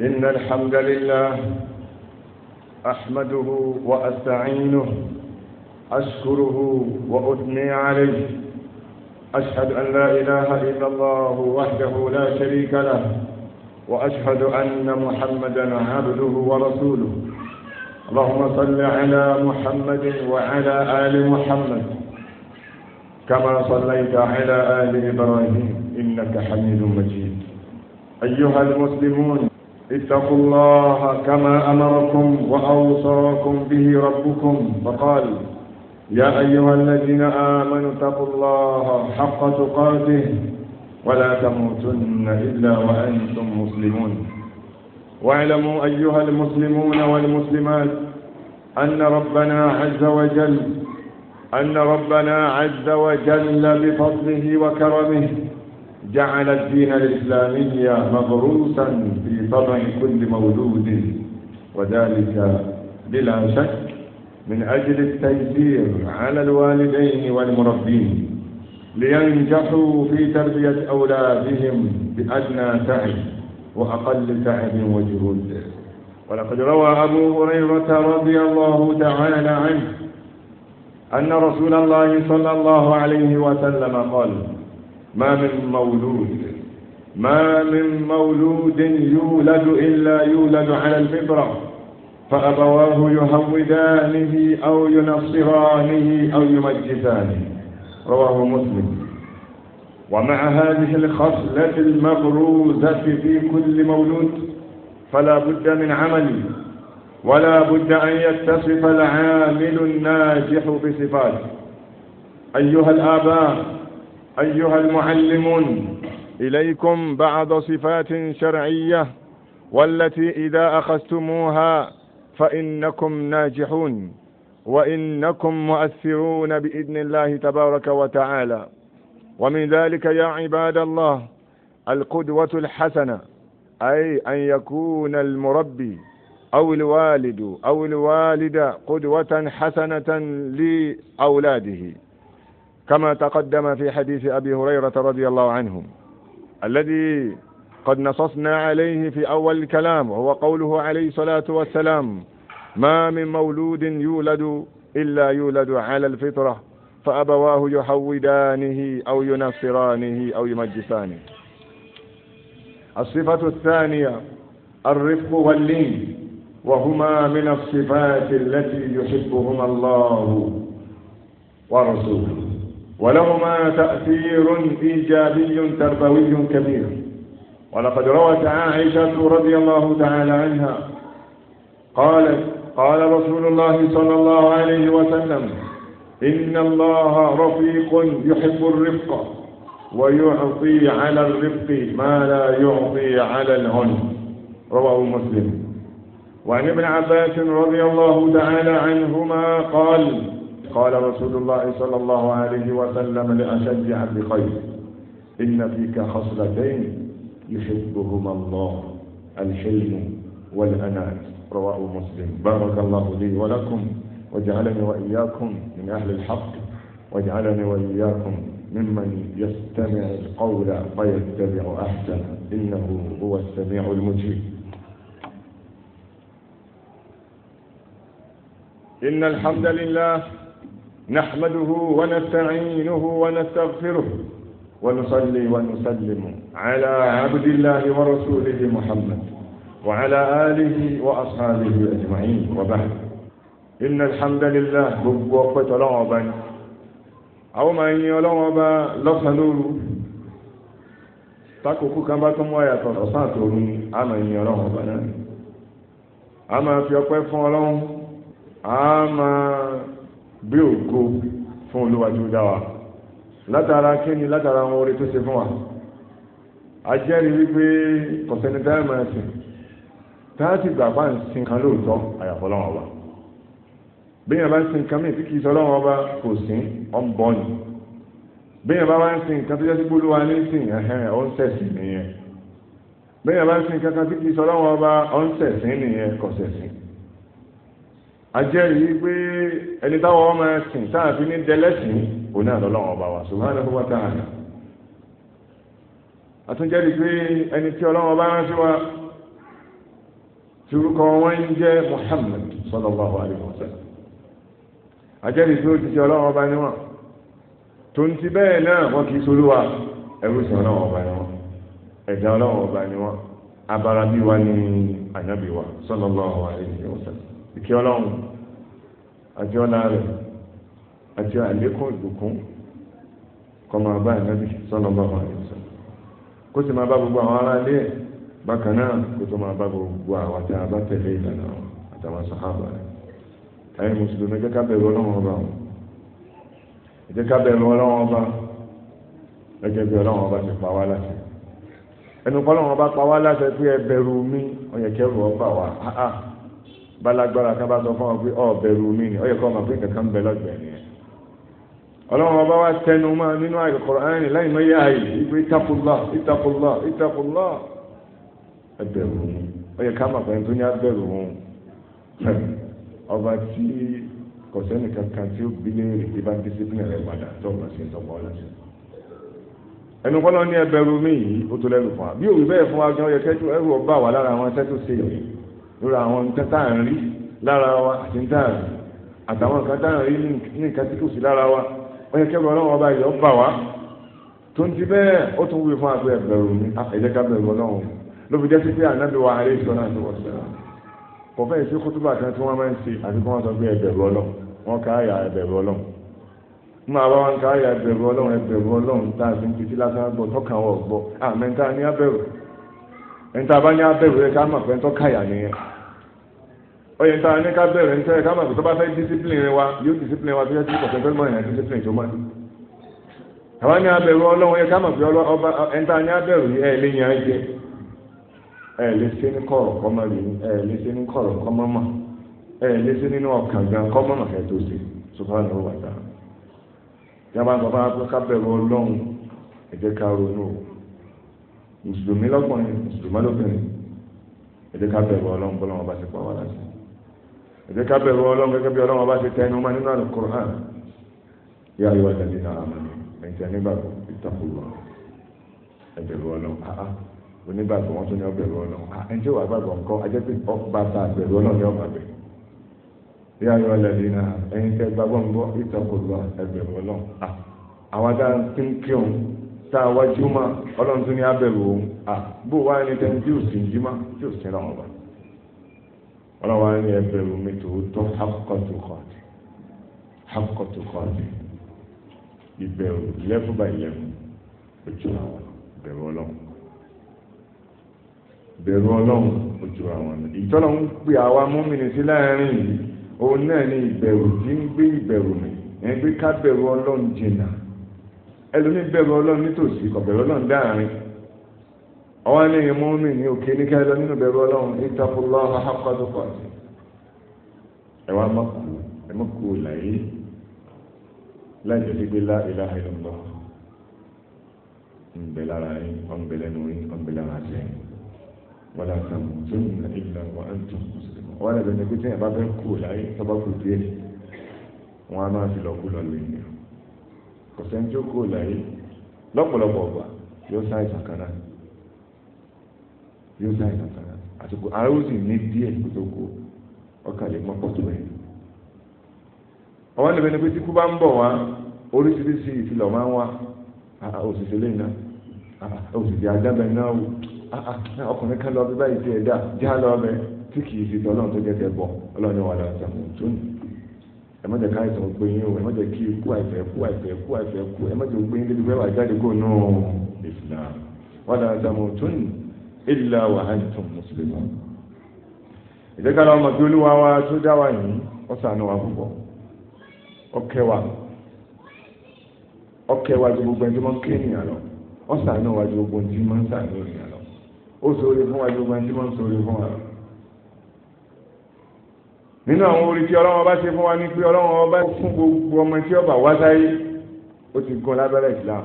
إن الحمد لله أحمده وأستعينه أشكره وأثني عليه أشهد أن لا إله إلا الله وحده لا شريك له وأشهد أن محمدا عبده ورسوله اللهم صل على محمد وعلى آل محمد كما صليت على آل إبراهيم إنك حميد مجيد أيها المسلمون اتقوا الله كما أمركم وأوصاكم به ربكم فقال يا أيها الذين آمنوا اتقوا الله حق تقاته ولا تموتن إلا وأنتم مسلمون واعلموا أيها المسلمون والمسلمات أن ربنا عز وجل أن ربنا عز وجل بفضله وكرمه جعل الدين الإسلامي مغروسا في طبع كل مولود وذلك بلا شك من أجل التيسير على الوالدين والمربين لينجحوا في تربية أولادهم بأدنى تعب وأقل تعب وجهود ولقد روى أبو هريرة رضي الله تعالى عنه أن رسول الله صلى الله عليه وسلم قال ما من مولود ما من مولود يولد إلا يولد على الفطرة فأبواه يهودانه أو ينصرانه أو يمجسانه رواه مسلم ومع هذه الخصلة المبروزة في كل مولود فلا بد من عمل ولا بد أن يتصف العامل الناجح بصفاته أيها الآباء أيها المعلمون إليكم بعض صفات شرعية والتي إذا أخذتموها فإنكم ناجحون وإنكم مؤثرون بإذن الله تبارك وتعالى ومن ذلك يا عباد الله القدوة الحسنة أي أن يكون المربي أو الوالد أو الوالدة قدوة حسنة لأولاده كما تقدم في حديث أبي هريرة رضي الله عنه الذي قد نصصنا عليه في أول الكلام وهو قوله عليه الصلاة والسلام ما من مولود يولد إلا يولد على الفطرة فأبواه يحودانه أو ينصرانه أو يمجسانه الصفة الثانية الرفق واللين وهما من الصفات التي يحبهما الله ورسوله ولهما تأثير إيجابي تربوي كبير ولقد روت عائشة رضي الله تعالى عنها قالت قال رسول الله صلى الله عليه وسلم إن الله رفيق يحب الرفق ويعطي على الرفق ما لا يعطي على العنف رواه مسلم وعن ابن عباس رضي الله تعالى عنهما قال قال رسول الله صلى الله عليه وسلم لأشد عبد خير إن فيك خصلتين يحبهما الله الحلم والأنات رواه مسلم بارك الله لي ولكم واجعلني وإياكم من أهل الحق واجعلني وإياكم ممن يستمع القول فيتبع أحسن إنه هو السميع المجيب إن الحمد لله نحمده ونستعينه ونستغفره ونصلي ونسلم على عبد الله ورسوله محمد وعلى آله وأصحابه أجمعين وبعد إن الحمد لله بوقت لعبا أو ما يلعبا لفنور takoko kan bá tún mú àyàtọ̀ ọ̀sán àtòrú ni a máa yin ọlọ́run ọba náà a fi ọpẹ́ fún ọlọ́run a bí ògo fún olúwàjú dáwà látara kíni látara wọn orí tó se fún wa a jẹ́rìí wípé kọ̀sẹ́ni táyà táàtì gbàgbà ń sin kan lóòótọ́ àyàfọ́ lọ́wọ́ ọba bá ń sin kan mìíràn kìí sọ ọba kò sí ọ̀nbọ́n bẹ́ẹ̀ bá sin kan tó jẹ́ sí ní sìn sin kankan tí ọba ń sẹ̀sìn nìyẹn ajẹ́rìí pé ẹni táwọn ọmọ ẹ̀sìn táà fi ní dẹlẹ́sìn òun náà lọ́lọ́wọ́ ọba wa subhanahu wa ta'ala àtúnjẹ́rìí pé ẹni tí ọlọ́wọ́ bá rántí wa turukọ wọn ń jẹ́ Muhammad sallallahu alaihi wa sallam ajẹ́rìí pé ó ti ṣe ọlọ́wọ́ bá níwọ̀n tó ń ti bẹ́ẹ̀ náà wọ́n kì í solúwa ẹrú sí ọlọ́wọ́ ọba ni ẹ̀dá ọlọ́wọ́ ọba ni wọ́n wa ní ànábì wa sallallahu alaihi wa sallam ìkẹ́ ọlọ́run àti ọlá rẹ̀ àti àlékún ìbùkún kó máa bá ànábì sallallahu alaihi wasallam kó sì máa bá gbogbo àwọn ará ilé ẹ̀ bákan náà kó tó máa bá gbogbo àwọn tá a bá tẹ̀lé ìlànà àtàwọn sàhábà rẹ̀ ẹ̀yin mùsùlùmí jẹ́ ká bẹ̀rù ọlọ́run ọba wọn jẹ́ ká bẹ̀rù ọlọ́run ọba gẹ́gẹ́ bí ọlọ́run ọba ti pa wá láṣẹ ẹnu kọ́ ọlọ́run ọba pa wá láṣẹ ẹ wa balagbara kan bá sọ fún ọ pé ọ bẹ̀rù mi ni ọ yẹ kọ ọmọ pé bẹ ni ọba wa tẹnu máa nínú Al-Qur'an láì mọ yá ìgbé ittaqullah ittaqullah ẹ ọ yẹ ká mà pẹ́ tó ní abẹ́rù òun ọba tí kò sẹ́ni kankan tí ó bí rẹ̀ padà tó sí ẹnu kọ́lọ́ ní ẹ yìí ọ ẹrù ọba wà lára àwọn lórí àwọn nǹkan tá à ń rí lára wa àti nǹkan àrí àtàwọn nǹkan tá à ń rí ní nǹkan tí kò sí lára wa ó yẹ kẹ́kọ̀ọ́ ọlọ́run ọba ìyọ́ bà wá tó ń ti bẹ́ẹ̀ ó tún wúwe fún àpẹ ẹ̀bẹ̀rù mi ẹ̀jẹ̀ ká bẹ̀rù ọlọ́run ló fi jẹ́ sí pé ànábì wa alẹ́ ìṣọ́nà àti wọ̀ṣẹ́ kò fẹ́ ìṣe kótóbà kan tí wọ́n máa ń ṣe àti kí wọ́n sọ pé ẹ̀bẹ̀rù ọlọ́run wọ́n ká àyà ẹ̀bẹ̀rù ọlọ́run mú àbá wọn ká àyà ẹ̀bẹ̀rù ọlọ́run a ti ń níta bá ní abẹ́rù rẹ ká mọ̀ pé ntọ́ káyà nìyẹn oyè níta ní ká bẹ̀rù rẹ ntọ́ ká mọ̀ pé tó bá fẹ́ discipline wa yóò discipline wa tó yẹ kí kọ̀tẹ́ tó mọ̀ ìrìn discipline tó mọ̀ ní. àwa ní abẹ́rù ọlọ́run yẹ ká mọ̀ pé ọba níta ní abẹ́rù yẹ ẹ̀ lé yẹn jẹ ẹ̀ lé sí ní kọ̀rọ̀ kọ́mọ rí ẹ̀ lé sí ní kọ̀rọ̀ kọ́mọ mọ̀ ẹ̀ lé sí nínú ọkàn gan kọ́mọ mọ̀ kẹ́ tó ṣe subhanahu wa ta'ala mùsùlùmí lọ́kùnrin mùsùlùmí lọ́kùnrin ẹ jẹ́ ká bẹ̀rù ọlọ́run bọ́lọ́run ọba ti pa wá láti ẹ jẹ́ ká bẹ̀rù ọlọ́run gẹ́gẹ́ bí ọlọ́run ọba ti tẹnu mọ́ nínú Al-Qur'an yá ayé wa dàbí náà àmọ́ ẹ̀yìn tí a nígbà ìtàkùrọ̀ ẹ bẹ̀rù ọlọ́run àá onígbàgbọ́ wọn tó ní ọbẹ̀rù ọlọ́run àá ẹni tí wàá gbàgbọ́ nǹkan ajẹ́ pé ọba ta àbẹ̀rù ọlọ́run ní ọba bẹ̀ yá ayé wa dàbí náà ẹ̀yìn tí a gbàgbọ́ ń gbọ́ ìtàkùrọ̀ ẹ bẹ̀rù ọlọ́run àá àwọn adá ti ń kírun tá a wájú mà ọlọ́run tún ní abẹ̀rù òun à bó wá ní tẹ́ni tí ò sì ń jí mà tí ò sí lọ́wọ́ bá ọlọ́run wá ní ẹbẹ̀rù mi tòótọ́ hakọ́tòkọ́tì hakọ́tòkọ́tì ìbẹ̀rù lẹ́fù bá ìlẹ́fù ojú àwọn bẹ̀rù ọlọ́run bẹ̀rù ọlọ́run ojú àwọn ìtọ́nà ń pè àwa múmìnì sí láàrin yìí òun náà ní ìbẹ̀rù tí ń gbé ìbẹ̀rù mi ẹ̀ ń gbé ká bẹ̀rù ọlọ́run jìnnà ẹlòmí bẹ̀rù ọlọ́run nítòsí kọ̀bẹ̀rù ọlọ́run dáàrin ọwọ́ ní ìmú mi ní òkè ní ká ẹ lọ nínú bẹ̀rù ọlọ́run ìtàkùlọ́ ahakọ́dúkọ̀ ẹ wá má kú ẹ má kú láyé láìjọ sí pé lá ilá ìlọ́gbọ́ ń bẹ lára yín ọ̀n bẹ lẹ́nu yín ọ̀n bẹ lára jẹ́ wọ́n lọ sàn tó ń ilà wọ́n á ń tún wọ́n lọ bẹ̀rẹ̀ pé tí bá fẹ́ kú láyé tó bá kú díẹ̀ wọ́n á máa fi lọ kú lọ lóyún kò sẹ́ni tí ó kúrò láyé lọ́pọ̀lọpọ̀ ọ̀gbà yóò sá ìsàn kan náà yóò sá ìsàn àsìkò ní díẹ̀ tó lè ni pé tí bá ń bọ̀ wá oríṣiríṣi ìfilọ̀ máa ń wá òṣìṣẹ́ lẹ́yìn náà òṣìṣẹ́ adábẹ́ náà wò ọkùnrin kan lọ bí ẹ má jẹ́ ká àìsàn gbé yín o ẹ má jẹ́ kí ikú àìfẹ́ kú àìfẹ́ kú àìfẹ́ kú ẹ má jẹ́ gbé yín débi pé jáde kó nù wa antum muslimun. ìdẹ́kàlà ọmọ tí olúwa wa tó wa yìí ó ṣàánú wa púpọ̀ ó kẹ́ ó kẹ́ ju gbogbo máa ń ké ènìyàn lọ nínú àwọn orí tí ọlọ́wọ́n bá ṣe fún wa ní pé ọlọ́wọ́n bá fún gbogbo ọmọ tí ọba wá sáyé ó ti gun lábẹ́rẹ́ Islam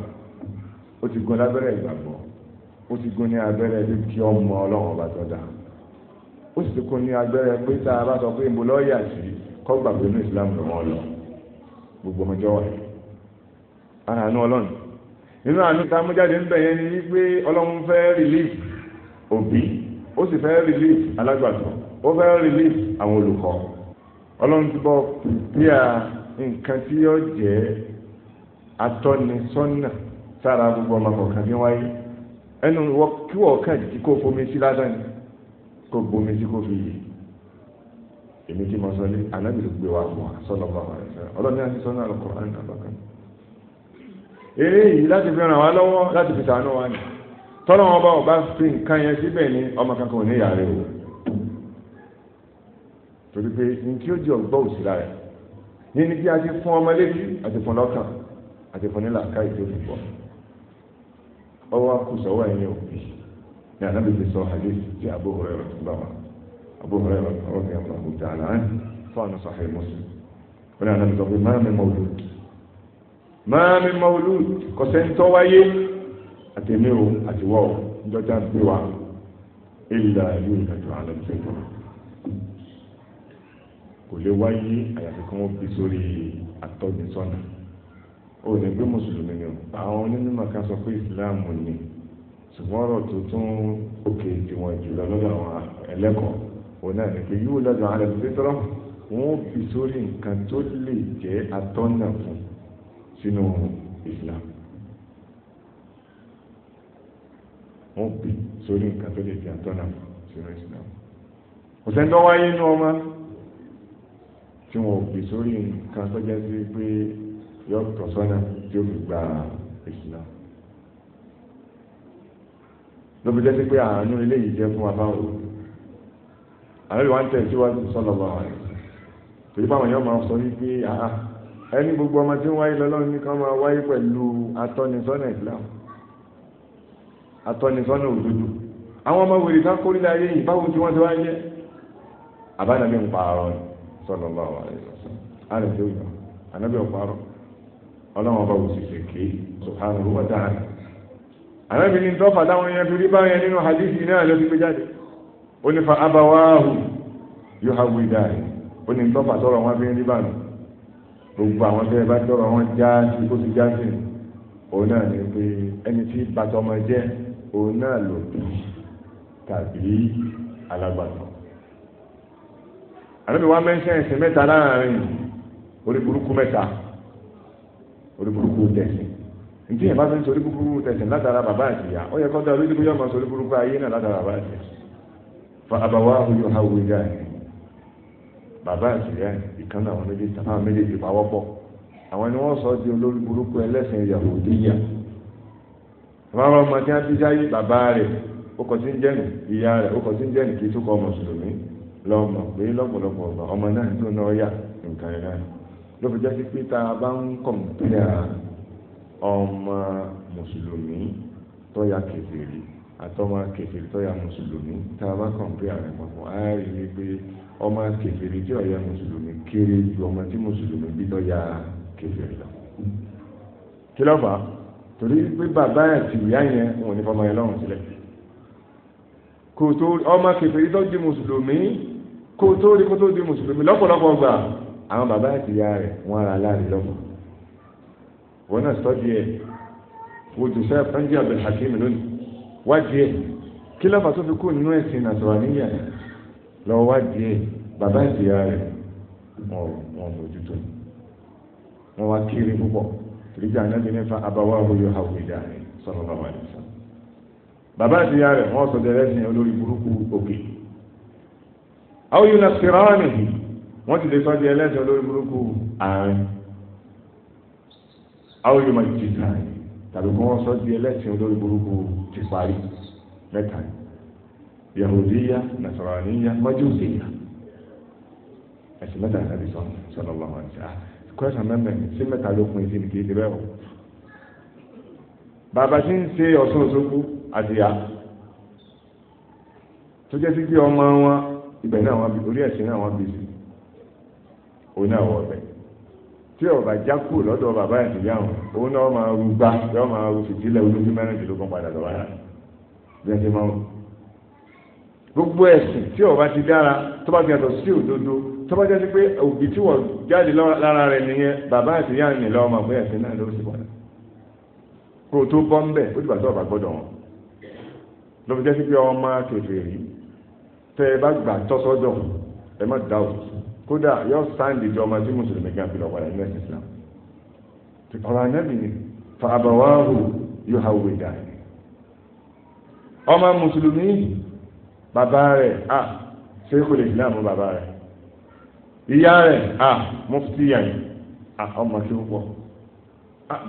ó ti gun lábẹ́rẹ́ ìgbàgbọ́ ó ti gun ní abẹ́rẹ́ bí kí ọmọ ọlọ́wọ́n bá tọ́ da ó sì ti kún ní abẹ́rẹ́ pé tá a bá sọ pé mo lọ́ọ́yà sí kọ́ gbàgbé ní Islam lọ́wọ́ lọ gbogbo ọmọ jọ́wọ́ ẹ̀ ara àánú ọlọ́run nínú àánú tá a mú jáde ńbẹ yẹn ni wípé ọlọ́run relief òbí ó ó fẹ́ release àwọn olùkọ́ ọlọ́run ti bọ́ bí a nǹkan tí yóò jẹ́ atọ́nisọ́nà sára gbogbo ọmọ kọ̀ọ̀kan ní wáyé ẹnu kí wọ́n kàn jí kó fomi sí lásán ni kó bomi sí kó fi yè èmi tí mo sọ ní anábìrì gbé wa fún wa sọ́nà bá wa ẹ̀sẹ̀ ọlọ́run àti sọ́nà àlùkọ́ àrùn àbákan eré láti fi ràn wá lọ́wọ́ láti fi sàánú wa ni tọ́lọ́wọ́n bá ọba fi nǹkan yẹn síbẹ̀ ní ọmọ kankan ò ní yàrá o torí pé ní tí ó jẹ́ ọgbọ́ òsìlá rẹ̀ nínú bí a ti fún ọmọ létí àti fún lọ́kàn àti fún nílà káyì tó fi bọ̀ ọwọ́ akùsọ̀wọ́ ẹ̀yìn òbí ní anábì sọ hadith ti Abu Hurairah tó bá wa Abu Hurairah ọ̀rọ̀ yẹn kò tà àlá ẹ̀ fọ́ọ̀nù Sahih Muslim wọn ní anábì sọ pé máa mi mawlud máa mi mawlud kọ́sẹ́ńtọ́ wáyé àtẹ̀mí o àtiwọ́ ọjọ́ tá a gbé wa ilà yóò dájọ́ àlọ́ ìfẹ́ tó kò lè wáyé àyàfi kí wọ́n bí sórí àtọ́nisọ́nà ó ní pé mùsùlùmí ni àwọn onímọ̀ kan sọ pé ìsìláàmù ni ṣùgbọ́n ọ̀rọ̀ tó tún òkè tiwọn jùlọ lọ́dọ̀ àwọn ẹlẹ́kọ̀ọ́ òun náà ni pé yóò lọ́dọ̀ àwọn ẹlẹ́kọ̀ọ́ wọn ó fi sórí nǹkan tó lè jẹ́ atọ́nà fún sínú Islam wọn ó fi sórí nǹkan tó lè jẹ́ atọ́nà fún sínú Islam kò sẹ́ńtọ́ wáyé inú ọmọ tí wọn ò gbé sórí nǹkan tó jẹ́ sí pé yọ tọ̀sọ́nà tí ó fi gba Islam ló fi jẹ́ sí pé àánú eléyìí jẹ́ fún abáwò àwọn ìwà ń tẹ̀síwájú sọ́nà bá wà torí báwọn yóò máa sọ wípé àá ẹni gbogbo ọmọ tí ń wáyé lọ́lọ́run ní ká máa wáyé pẹ̀lú atọ́nisọ́nà Islam atọ́nisọ́nà òdodo àwọn ọmọ wèrè ká kórìlà ayé yìí báwo tí wọ́n ti wáyé àbánàmí ń pa àrọ́ ni sallallahu alaihi wasallam àrẹ̀fẹ́ òyìnbó anábì ọ̀párọ̀ ọlọ́wọ́n bá wùsì fèké subhanahu wa ta'ala anábì ní tọ́fà táwọn èèyàn torí báyẹn nínú hadithi náà ló ti gbé jáde ó ní fa abawahu yóò ha wí dáa ó ní tọ́fà tọrọ wọn fi ń rí báyìí gbogbo àwọn tẹ́ ẹ bá tọrọ wọn já kó ti já òun náà ní pé ẹni tí bàtọ́ ọmọ jẹ́ òun náà lò tàbí alágbàtọ́ àlọ́bí wa mẹ́sẹ̀ ẹ̀sìn mẹ́ta láàrin orí burúkú mẹ́ta orí burúkú tẹ̀sìn ntí yẹn bá fi ń sọ orí burúkú tẹ̀sìn látara bàbá àti ìyá ó yẹ kó dá lójú bóyá sọ orí burúkú ayé náà látara bàbá àti fa àbáwá oyún ha wí dáa yẹn bàbá àti ìyá ìkan náà àwọn méjèèjì tàbá méjèèjì pawọ́pọ̀ àwọn ni wọ́n sọ di olórí burúkú ẹlẹ́sìn Yahudiyya àwọn ọmọ tí wọ́n ti jáyé bàbá lọ́mọ pé lọ́pọ̀lọpọ̀ ọ̀gbà ọmọ náà tó náà yà nǹkan ẹ̀ náà ló fi jásí pé tá a bá ń kọ̀m̀pẹ́à ọmọ mùsùlùmí tó ya kèfèrí àtọmọ kèfèrí tó ya mùsùlùmí tá a bá kọ̀m̀pẹ́à rẹ̀ papọ̀ á rí i pé ọmọ kèfèrí tí ó ya mùsùlùmí kéré ju ọmọ tí mùsùlùmí bí tó ya kèfèrí lọ. kí ló fà á torí pé bàbá àti ìyá yẹn wọn ò ní fọmọ ọmọ kèfèrí tó di mùsùlùmí kó tó rí kó tó di mùsùlùmí lọ́pọ̀lọpọ̀ gbà àwọn bàbá àti ìyá rẹ̀ wọ́n ra láàrin lọ́mọ wọn náà sọ́jú ẹ̀ wo joseph sanji abdulhakeem lónìí wádìí ẹ̀ kí lọ́fà tó fi kú nínú ẹ̀sìn nàṣọ̀rọ̀ níyà ẹ̀ lọ wádìí ẹ̀ bàbá àti ìyá rẹ̀ wọn mójútó wọn wá kiri púpọ̀ tìrìjà anábì nífa abawá oyè hàwùdà rẹ̀ sọ̀rọ̀ bàbá àti ìyá rẹ̀ wọ́n sọ̀dọ̀ àwọn yìí nàṣírà nìyí wọ́n ti lè sọ di ẹlẹ́sẹ̀ olórí burúkú ààrẹ àwọn yìí máa ti ta ẹ̀ tàbí kí wọ́n sọ di ẹlẹ́sẹ̀ olórí burúkú ti parí mẹ́ta yahudiya nasaraniya majusiya ẹ̀sìn mẹ́ta ìsàbí sọ sọlọ lọ́wọ́ àti à kọ́sà mẹ́mẹ́ sí mẹ́ta ló pin sí nìkejì ti bẹ́ẹ̀ o bàbá tí ń ṣe Ọ̀ṣun Òṣogbo àti à tó jẹ́ sí pé ọmọ wọn ibẹ̀ náà wọ́n bí orí ẹ̀sìn náà wọ́n bí sí òun náà wọ̀ ọ̀bẹ tí ọba já kú lọ́dọ̀ bàbá ẹ̀ tìyà wọn òun náà máa ru gbá yọ máa ru fìdílẹ̀ olójú mẹ́rìndínlógún padà lọ́wọ́ rà bí ẹ ti máa ń gbogbo ẹ̀sìn tí ọba ti dára tó bá ti yàtọ̀ sí òdodo tó bá jẹ́ pé òbí tí wọ́n jáde lára rẹ̀ nìyẹn bàbá àti ìyá ni lọ́wọ́ máa pé ẹ̀sìn náà ló sì padà kó o tó bọ́ ń bẹ̀ ó dìgbà tó ọba gbọ́dọ̀ wọn lọ́wọ́ jẹ́ sí pé ọmọ kèfèrí tẹ́ ẹ bá gbà tọ́sọ́dọ̀ ẹ má dá o kódà yóò sáǹdì jọ ọmọ tí mùsùlùmí gan fi lọ padà nílẹ̀ islam ọ̀rọ̀ anábì ni fa àbáwáhù yóò ha òwe dà ní. ọmọ mùsùlùmí bàbá rẹ̀ a ṣéèkùlẹ̀ islam bàbá rẹ̀ ìyá rẹ̀ a muftiya yìí a ọmọ tí ó pọ̀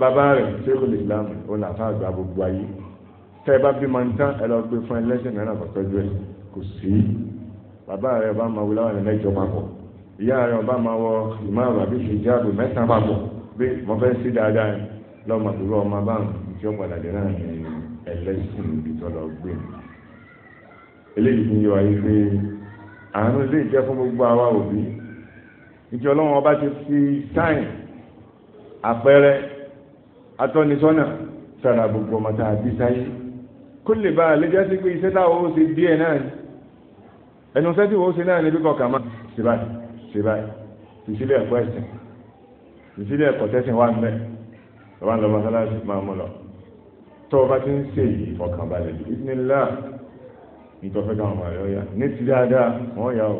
bàbá rẹ̀ ṣéèkùlẹ̀ islam ọ̀nà àfáàgbà gbogbo ayé tẹ́ ẹ bá bí mọ̀ ní tán ẹ lọ gbé fún ẹlẹ́sìn mìíràn kọ̀ọ̀kan ẹ̀ kò sí bàbá rẹ ọba máa wọ láwọn ẹlẹ́jọ papọ̀ ìyá rẹ ọba máa wọ ìmáàrún àbí ìṣèjáàbò mẹ́ta papọ̀ bí mo fẹ́ sí dáadáa yẹn lọ́mọ àbúrò ọmọ báwọn ìjọ padà dé náà ní ẹlẹ́sìn ìbítọ́ lọ gbé eléyìí fi yọ ayé pé àánú ilé ìjẹ́ fún gbogbo àwa òbí ìjọ ọlọ́run ọba ti fi sáìn àpẹẹrẹ atọ́nisọ́nà sára gbogbo ọmọ tá a bí sáyé kó lè bá a lè pé iṣẹ́ táwọn ó ṣe díẹ̀ náà ni ẹnu sẹ́tì wo ṣe náà ní bíkọ́ kàmá síbáyì síbáyì ìsílẹ̀ ẹ̀kọ́ ẹ̀sìn ìsílẹ̀ ẹ̀kọ́ tẹ́sìn wà mẹ́ bàbá ń lọ mọ́sálásí máa mú lọ tó o bá ti ń ṣe yìí ìfọkànbalẹ̀ ìdílé ìtọ́fẹ́ káwọn ọmọ rẹ̀ ọ̀yà ní ti dáadáa wọ́n yà ó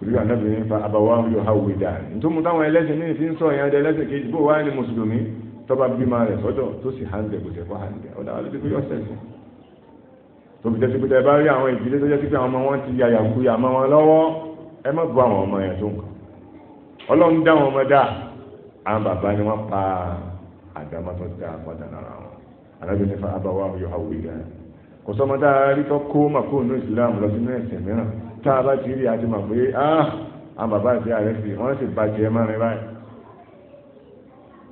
ìrírà nábì ní fa àbáwá yóò ha wí dáa ní tó mú táwọn ẹlẹ́sìn míì fi ń sọ ìyẹn ẹlẹ́sìn kejì bó wáyé ni mùsùlùmí tọ́ba bímọ rẹ̀ sọ́dọ̀ tó sì hàn dẹ̀ kò tẹ̀ fọ́ hàn dẹ̀ ọ̀dà alẹ́ tó fi jẹ́sí pé tẹ́ bá rí àwọn ìdílé tó jẹ́sí pé àwọn ọmọ wọn ti yà yàgùkú yà mọ́ wọn lọ́wọ́ ẹ má bu àwọn ọmọ yẹn tó nǹkan ọlọ́run dá àwọn ọmọ dá àwọn bàbá ni wọ́n pa àdámọ́ tó dá padà lára wọn alábìyẹn nífa abáwá yóò hàwù ìgbà kò sọmọ tá a rí tó kó mà kó nù Islam lọ sínú ẹ̀sìn mìíràn tá a bá ti rí àti mà pé ah, àwọn bàbá àti ààrẹ sì wọ́n sì bàjẹ́ mọ́rin báyìí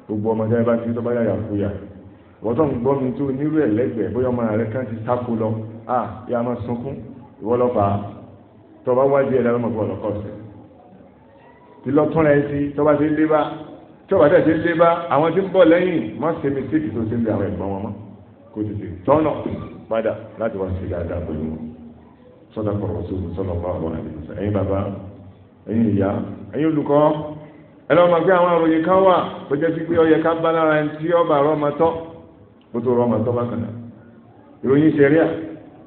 gbogbo ọmọ tí a bá ti rí tó bá yà yà fúyà wọ́n tó ń gbọ́ mi tó onírú ẹ̀ lẹ́gbẹ̀ẹ́ bóyá ọmọ rẹ kan ti sáko lọ à yà máa sunkún ìwọ lọ́fà tọba wájú ẹ̀ lọ́wọ́ mọ̀ bọ́ lọ́kọ̀ ọ̀sẹ̀ ìlọ́tún rẹ̀ sí tọba ti lé bá tọba tẹ̀ ti lé bá àwọn tí ń bọ̀ lẹ́yìn má ṣe mi sí kìtó sí ń bẹ àwọn ẹ̀gbọ́n wọn mọ́ kó tètè tọ́nà padà láti wá sí dáadáa pẹ̀lú wọn sọ́dà kọ̀rọ̀ sí sọ́dà bá wọn àti ìsà ẹ̀yin bàbá ẹ̀yin ìyá ẹ̀yin olùkọ́ ẹ lọ́wọ́ máa gbé àwọn àròyìn kan wà tó jẹ́ sí pé ká bá lára ẹni tí ọba rọ́ọ̀mọ́tọ́ bó tó rọ́ọ̀mọ́tọ́ bákan náà ìròyìn ṣẹ̀ríà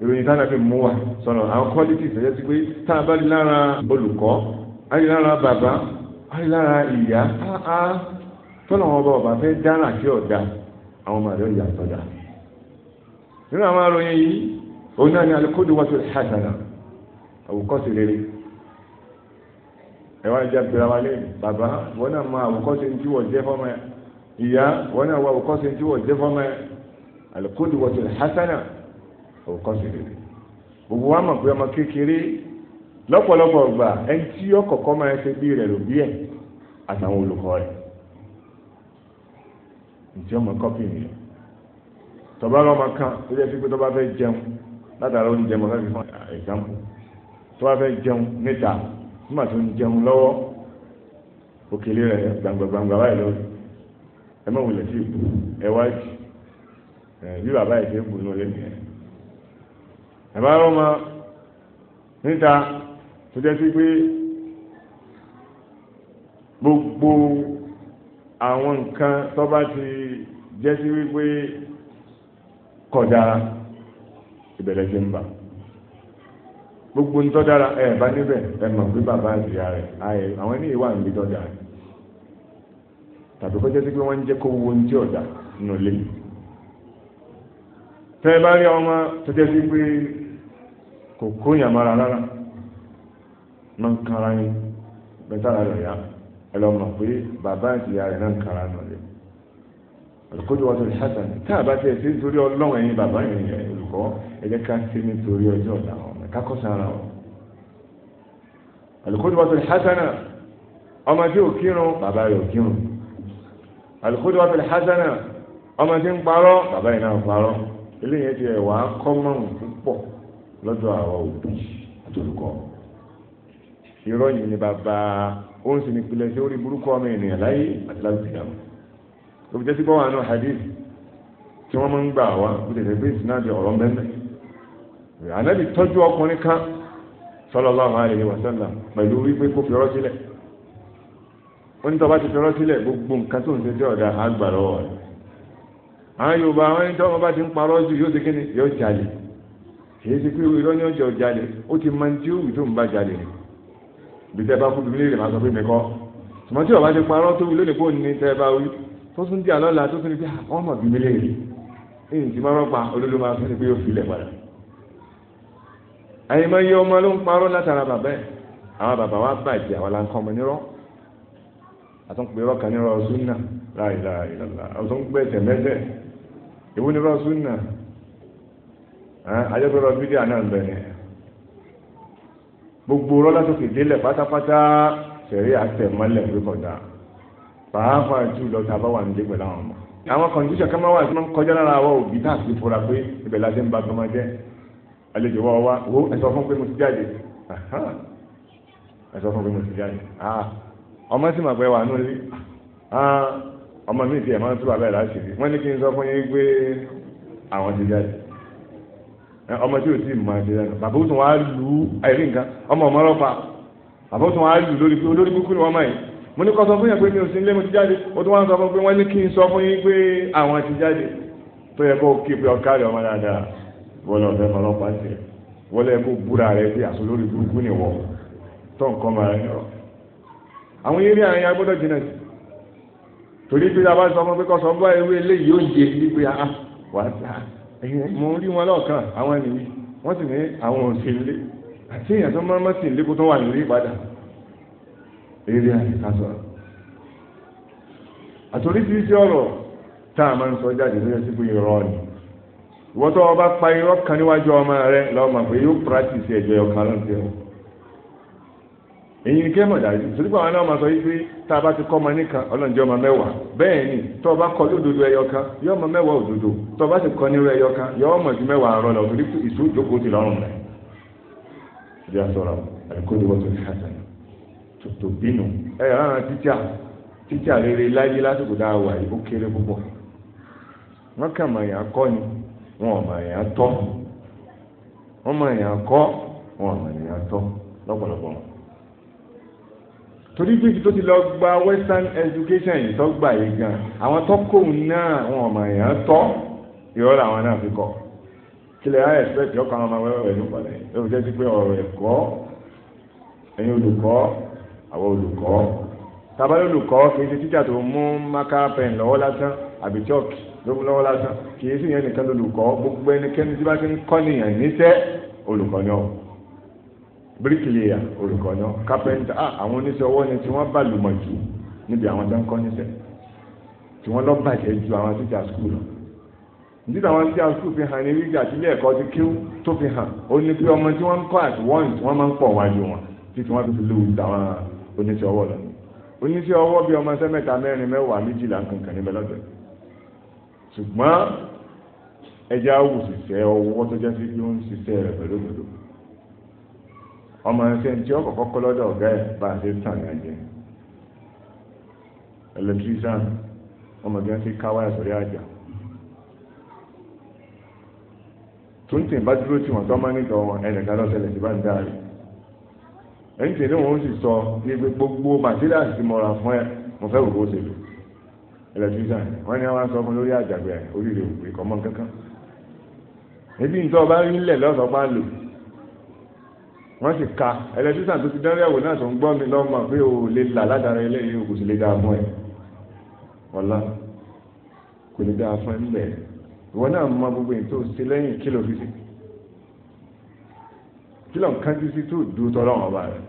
ìròyìn tá a nàbí mú wa sọ̀rọ̀ àwọn ti pé tá a bá rí lára olùkọ́ a rí lára bàbá a rí lára ìyá áá tọ́nà wọn bá ọba fẹ́ dára sí ọ̀dà àwọn ọmọ ya ò yà sọ̀dà nínú àwọn aròyìn yìí òun náà ni wá rere ẹ̀wọ́n ìjà bẹ̀rẹ̀ wa lé bàbá náà mọ tí wọ́n jẹ́ fọ́mọ ìyá náà wọ tí wọ́n jẹ́ fọ́mọ wá òkọ́ sí rere gbogbo wa mọ̀ pé ọmọ kékeré lọ́pọ̀lọpọ̀ gbà ẹni tí ó kọ́kọ́ máa ṣe bí rẹ̀ lòbí ẹ̀ àtàwọn olùkọ́ rẹ̀ ǹjẹ́ ọmọ kọ́pì nìyẹn tọba lọ́mọ kan tó jẹ́ sí pé tọba fẹ́ jẹun látara oúnjẹ mọ̀ fẹ́ fi fún ẹ̀sánpù tọba fẹ́ jẹun níta nígbà tó ń jẹun lọ́wọ́ òkèlè rẹ̀ gbàngbàngbà báyìí lórí ẹ mọ̀ wulẹ̀ sí ìbò ẹ wájú bí bàbá ẹ̀ ṣe ń bù ní olè nìyẹn ẹ̀bá rọ́mọ níta tó jẹ́ sí pé gbogbo àwọn nǹkan tó bá ti jẹ́ sí wípé kódà ìbẹ̀rẹ̀ ti ń bà gbogbo ń tọ́dára ẹ̀ bá níbẹ̀ ẹ mọ̀ pé bàbá àti ìyá rẹ̀ ayẹ àwọn ẹni ìwà ń bí tọ́jà rẹ̀ tàbí kọjá sí pé wọ́n ń jẹ́ kó wo ní ọ̀dà nínú ilé tẹ́ bá rí ọmọ tó jẹ́ sí pé kò kó yàn mara rárá máa ń kanra yín bẹ́tàrà rẹ̀ yá ẹ lọ mọ̀ pé bàbá àti ìyá rẹ̀ náà ń kanra nù rẹ̀ olùkọ́jú wa sọ̀rọ̀ hasan tá a bá tẹ̀ sí nítorí ọlọ́run ẹ̀yin bàbá ẹ̀yin olùkọ́ ẹ ká sí nítorí ọjọ́ ọ̀la ọ̀nà kákọ́ sára ọ̀ olùkọ́jú wa sọ̀rọ̀ hasan ọmọ tí ò kírun bàbá rẹ̀ ò kírun olùkọ́jú wa sọ̀rọ̀ hasan ọmọ tí ń parọ́ bàbá rẹ̀ náà parọ́ eléyìí ti ẹ̀ wá kọ́ mọ́rùn púpọ̀ lọ́dọ̀ àwọn òbí àtòlùkọ́ irọ́ yìí ni bàbá ó ń sinmi pilẹ̀ sí orí burúkú ọmọ ènìyàn láyé àti láti dàmú tó fi jẹ́ sí bọ́wọ́ àánú hadith tí wọ́n máa ń gbà wá ó tẹ̀lé bí ìsinádìí ọ̀rọ̀ mẹ́mẹ́ ànábì tọ́jú ọkùnrin kan sallallahu alaihi wa sallam pẹ̀lú wípé kó fi ọ̀rọ̀ sílẹ̀ ó ní tọ́ bá ti fi ọ̀rọ̀ sílẹ̀ gbogbo nǹkan tó ń ṣe jẹ́ ọ̀dà àgbà lọ́wọ́ rẹ̀ àwọn Yorùbá àwọn ẹni tí wọ́n bá ti ń parọ́ jù yóò ṣe kíni yóò jalè kìí ṣe pé irọ́ ní ọjọ́ jalè ó ti máa ń tí ó wù tó ń bá jalè ni bí tẹ́ bá fún mi léèrè máa sọ pé mi kọ́ ṣùgbọ́n tí ọba ti parọ́ tó wù lónìí fóònù ní tẹ́ bá wí tó tún di àlọ́la tó tún ní pé ah, wọ́n mọ̀ bí mi léèrè èyí tí máa pa olódó máa fún ni pé ó fi ilẹ̀ padà. àyè máa yẹ ọmọ ló ń parọ́ látara bàbá ẹ̀ àwọn bàbá wa bàjẹ́ àwọn láǹkọ́ ọmọ nírọ́ àtúnpè rọ́ọ̀kan nírọ́ ajẹ́gbẹ́rọ bídíà náà ń bẹ ni gbogbo rọ́lá tó fi délẹ̀ pátápátá ṣẹ̀rí àtẹ̀mọ́lẹ̀ ló kọjá pàápàá jùlọ tá a bá wà nílé pẹ̀lú àwọn ọmọ àwọn kọ̀ǹdíṣọ̀ kan máa wà tí wọ́n kọjá lára àwọn òbí tá a sì fura pé ibẹ̀ la ṣe ń ba tọmọ jẹ́ àlejò wọ́n wá wo ẹ̀sọ́ fún pé mo ti jáde ẹ̀sọ́ fún pé mo ti jáde ọmọ sì mà wà nílé ọmọ mi ti ẹ̀ máa ń tú bàbá ẹ̀ láṣìírí wọ́n ní kí n sọ fún yín pé àwọn ti jáde ọmọ tí o ti mọ ẹsẹ lẹ́nu bàbá òtún wàá lù ú àìrí nǹkan ọmọ ọmọ ọlọ́pàá bàbá òtún wàá lù lórí pé olórí kúkú ni wọn mọ yìí mo ní kó sọ fún yẹn pé mi ò sí nílé mo ti jáde ó tún wá ń sọ fún pé wọn ní kí n sọ fún yín pé àwọn ti jáde tó yẹ kó kí pé ọkàrí ọmọ dáadáa wọlé ọfẹ mọ ọlọ́pàá sí wọlé kó búra rẹ bí àṣọ lórí kúkú ni wọ tó nǹkan mọ rẹ yọ àwọn eré àárín agbọ́dọ̀ jìnnà sí torí pé a bá sọ fún pé kó sọ fún báyìí wí eléyìí ó yẹ mo rí wọn lọ́ọ̀kan àwọn ènìyàn wọ́n sì ní àwọn a àti èèyàn tó máa ń mọ́sìn lé kó tó wà nílé ìpadà eré àyíká sọ̀rọ̀ àtòríṣiríṣi ọ̀rọ̀ tá a máa ń sọ jáde lóyún sí pé irọ́ ni ìwọ́tọ́ ọba pa irọ́ kan níwájú ọmọ rẹ pé yóò èyí ni kéèmọ̀ dájú sódípò àwọn náà máa sọ yí pé tá a bá ti kọ́ ọmọ nìkan ọlọ́njẹ́ ọmọ mẹ́wàá bẹ́ẹ̀ ni tó o bá kọ́ lódodo ẹyọ kan yọ ọmọ mẹ́wàá òdodo tó o bá ti kọ́ nírú ẹyọ kan yọ ọmọ ju mẹ́wàá àrọ́ lọ torí pé ìṣó ìjókòó ti lọ́rùn rẹ̀. ìdí àsọ̀rọ̀ àdìkóyè wọ́n tó ní àtàn tòtò bínú ẹ rárá títí à títí à rere láyé lásìkò dáa wà lọ́pọ̀lọpọ̀ wọn torí pé ibi tó ti lọ gba western education yìí tó gbà yìí gan àwọn tó kóun náà wọn ọmọ èèyàn tọ́ ìrọ́lá àwọn náà fi kọ́ kílẹ̀ á expect yọkọ̀ àwọn ọmọ wẹ́wẹ́ ló pọ̀ lẹ́yìn tó fi jẹ́ sí pé ọ̀rọ̀ ẹ̀kọ́ ẹ̀yin olùkọ́ àwọn olùkọ́ tabalẹ̀ olùkọ́ kì í ṣe tíjà tó mú maka pen lọ́wọ́ lásán àbí chalk lómú lọ́wọ́ lásán kì í sì yẹn nìkan lolùkọ́ gbogbo ẹnikẹ́ni tí bá ti ń kọ́ nìyẹn níṣẹ́ olùkọ́ ni ọ̀ bíríkìlìyà olùkọ́ náà kápẹ́ńtà ah, àwọn oníṣẹ́ ọwọ́ ni tí wọ́n bá lùmọ̀ jù níbi àwọn tó ń kọ́ níṣẹ́ tí wọ́n lọ bàjẹ́ ju àwọn tíjà skul lọ nítorí àwọn tíjà skul fi hàn ní wíjà tí ilé ẹ̀kọ́ ti kíw tó fi hàn ó ní pé ọmọ tí wọ́n ń kọ́ àti wọ́n wọ́n máa ń pọ̀ wájú wọn títí wọ́n fi lù dáwọn oníṣẹ́ ọwọ́ lọ oníṣẹ́ ọwọ́ bíi ọmọ ṣẹ́ mẹ́ta mẹ́rin mẹ́wàá méjìlá kankan níbẹ̀ lọ́dọ̀ ṣùgbọ́n ẹja awùsìṣẹ́ ọwọ́ tó jẹ́ sí bí ń ṣiṣẹ́ ọmọ ẹsẹ̀ tí ó kọ́kọ́ kọ́ lọ́dọ̀ ọ̀gá ẹ̀ bá ṣe tàn ní ajẹ́ electrician ọmọ bí wọ́n ti ká wáyà sórí àjà tó ń tẹ̀ bá dúró tí wọ́n tọ́ máa nígbà wọn ẹnìkan lọ́sẹ̀lẹ̀ tí bá ń dáa rẹ̀ ẹ̀yìn tẹ̀lé wọn ó sì sọ ní pé gbogbo màtíríàsì ti mọ̀ra fún ẹ mo fẹ́ wò ó ṣe lò electrician wọ́n ní wọ́n sọ fún lórí àjàgbé oríire òpè kọ́mọ́ kankan ebi nǹkan ọba ń lẹ̀ lọ́sọ̀ọ́ bá lò wọ́n sì ka ẹlẹ́tírísàn tó ti dánrí ẹ̀wò náà tó ń gbọ́ mi lọ́mọ pé o lè là ládàra eléyìí o kò sì lè dáa fún ẹ ọ̀la kò lè dáa fún ẹ ń bẹ̀rẹ̀ ìwọ náà mọ gbogbo èyí tó ṣe lẹ́yìn kílò fi sí kílò ń kájú sí tó dúró tọ́ lọ́wọ́ ọba rẹ̀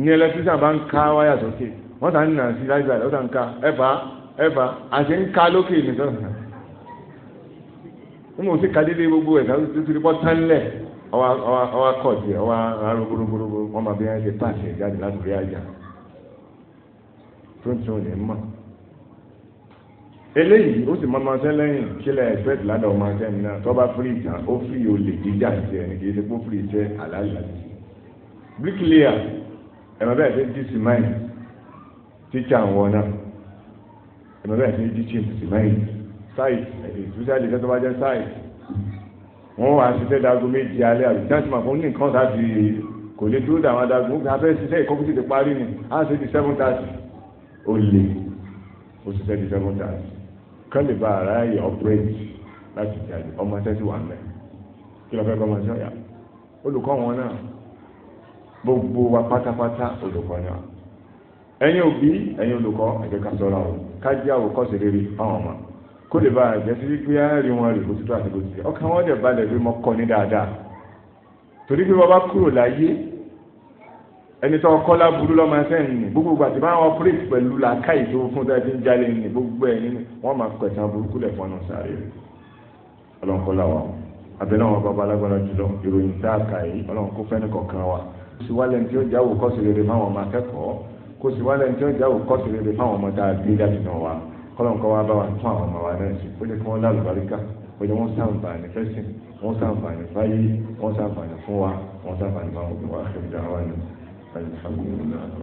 ní ẹlẹ́tírísàn bá ń ká wáyà sókè wọ́n tà ń nà sí láti bàlẹ́ wọ́n tà ń ká ẹ̀fà ẹ̀fà àti ń ká lókè nìkan nígbà tó ti kadé dé gbogbo ẹ̀ ọwọ́ akọ̀ sí ọwọ́ arún gbogbogbò wọ́n máa bí wọ́n ṣe pàṣẹ jáde láti rí àjà tó ń tún ní mọ̀. eléyìí ó sì máa ṣe lẹ́yìn kílẹ̀ expect ládàá ọmọ ṣẹ́ mi náà tó bá fírí ìjà ó fi olè jíjà ṣe ẹni kì í ṣe kó fírí iṣẹ́ àlàálà sí. bíríkìlíà ẹ̀rọ bẹ́ẹ̀ ṣe dí sí máì tíṣà ń wọ náà ẹ̀rọ bẹ́ẹ̀ ṣe dí sí máì sáì especially ìṣẹ́ tó bá jẹ́ sáì wọ́n wá ṣiṣẹ́ dago méjì alẹ́ àbí jáde máa fún nìkan tàbí kò lè dúró dàwọn dago ó kàn fẹ́ ṣiṣẹ́ ìkọ́kùtì ti parí ni á ṣe di seven thirty ó lè ó ṣiṣẹ́ di seven thirty kán lè ba ara yẹ ọ̀pẹ́rẹ́tì láti jáde ọmọ ṣẹ́ sì wà mẹ́ kí lọ́ọ́ fẹ́ kọ́ ọmọ ṣẹ́ ọ̀yà olùkọ́ wọn náà gbogbo wa pátápátá olùkọ́ náà ẹ̀yin òbí ẹ̀yin olùkọ́ ẹ̀jẹ̀ ká sọ̀rọ̀ kájí àwòkọ́ṣe rere fáwọn ọmọ kó lè bá àjẹ́ sí wípé á rí wọn rè bó ti tó àti bó ti tẹ̀ ọkàn wọn dẹ̀ balẹ̀ pé mo kọ́ ní dáadáa torí pé bàbá kúrò láyé ẹni tó kọ́ láburú lọ́mọ ẹsẹ̀ nì gbogbo ìgbà tí báwọn ọpẹ́rẹ́tì pẹ̀lú làákà ìṣòro fún tẹ́tí ń jalè nì gbogbo ẹ̀ nínú wọ́n máa pẹ̀sán burúkú lẹ̀ fọ́nà sáré ọlọ́nkọ́lá wa abẹ́lẹ́ wọn bàbá alágbára jùlọ ìròyìn tá a kà yìí ọlọ́nkọ́ fẹ́ni kọ̀ọ̀kan wa kó sì wálẹ̀ ní tí ó jáwó kọ́sì rere fáwọn ọmọ akẹ́kọ̀ọ́ kó sì wálẹ̀ ní tí ó jáwó kọ́sì rere fáwọn ọmọ tá a náà wa kọ́lọ́n kọ́ wá bá wa tún àwọn ọmọ wa náà sí ó jẹ́ kí wọ́n lálùbáríkà ó jẹ́ wọ́n sàǹfààní fẹ́sìn wọ́n sàǹfààní fáyé wọ́n sàǹfààní fún wa wọ́n sàǹfààní fáwọn òbí wa àṣẹ ìjà wa ni.